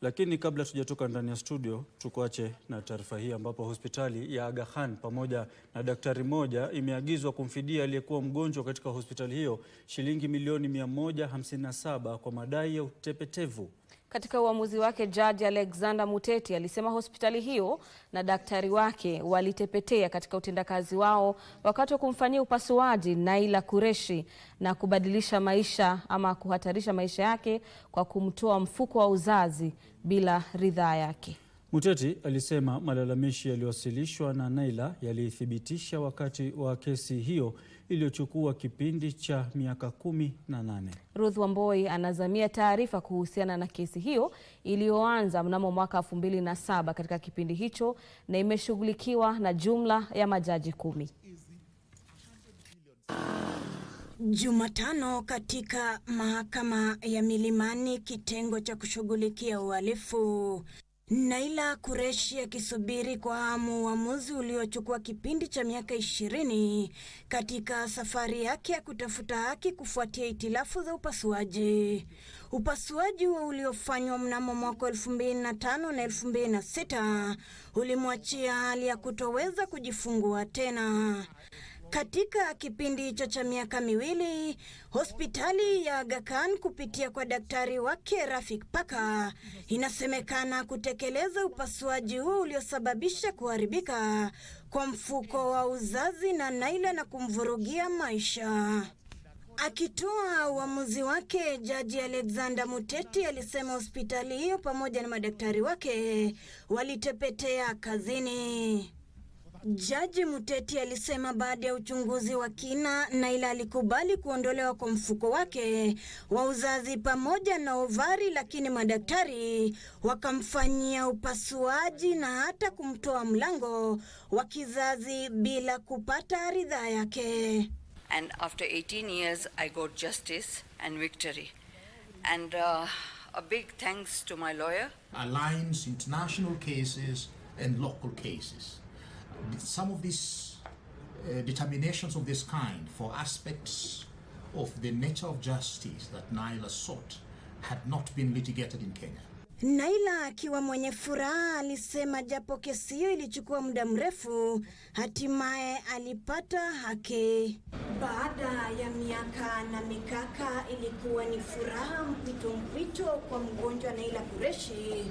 Lakini kabla tujatoka ndani ya studio, tukuache na taarifa hii ambapo hospitali ya Aga Khan pamoja na daktari moja imeagizwa kumfidia aliyekuwa mgonjwa katika hospitali hiyo shilingi milioni 157 kwa madai ya utepetevu. Katika uamuzi wake, Jaji Alexander Muteti alisema hospitali hiyo na daktari wake walitepetea katika utendakazi wao wakati wa kumfanyia upasuaji Naila kureshi na kubadilisha maisha ama kuhatarisha maisha yake kwa kumtoa mfuko wa uzazi bila ridhaa yake. Muteti alisema malalamishi yaliyowasilishwa na Naila yalithibitisha wakati wa kesi hiyo iliyochukua kipindi cha miaka kumi na nane. Ruth Wamboi anazamia taarifa kuhusiana na kesi hiyo iliyoanza mnamo mwaka elfu mbili na saba katika kipindi hicho na imeshughulikiwa na jumla ya majaji kumi. Jumatano katika mahakama ya Milimani kitengo cha kushughulikia uhalifu Naila Kureshi akisubiri kwa hamu uamuzi uliochukua kipindi cha miaka ishirini katika safari yake ya kutafuta haki kufuatia itilafu za upasuaji. Upasuaji huo uliofanywa mnamo mwaka elfu mbili na tano na elfu mbili na sita ulimwachia hali ya kutoweza kujifungua tena. Katika kipindi hicho cha miaka miwili, hospitali ya Aga Khan kupitia kwa daktari wake Rafik Paka inasemekana kutekeleza upasuaji huo uliosababisha kuharibika kwa mfuko wa uzazi na Naila na kumvurugia maisha. Akitoa uamuzi wake, Jaji Alexander Muteti alisema hospitali hiyo pamoja na madaktari wake walitepetea kazini. Jaji Muteti alisema baada ya uchunguzi wa kina, Naila alikubali kuondolewa kwa mfuko wake wa uzazi pamoja na ovari, lakini madaktari wakamfanyia upasuaji na hata kumtoa mlango wa kizazi bila kupata ridhaa yake. And after 18 years I got justice and victory. And uh, a big thanks to my lawyer. Aligns international cases and local cases some of these uh, determinations of this kind for aspects of the nature of justice that Naila sought had not been litigated in Kenya. Naila akiwa mwenye furaha alisema japo kesi hiyo ilichukua muda mrefu, hatimaye alipata haki. Baada ya miaka na mikaka, ilikuwa ni furaha mpwito mpwito kwa mgonjwa Naila kureshi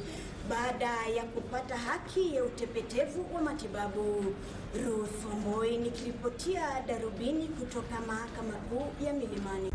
baada ya kupata haki ya utepetevu wa matibabu. Ruth ni nikiripotia Darubini kutoka Mahakama Kuu ya Milimani.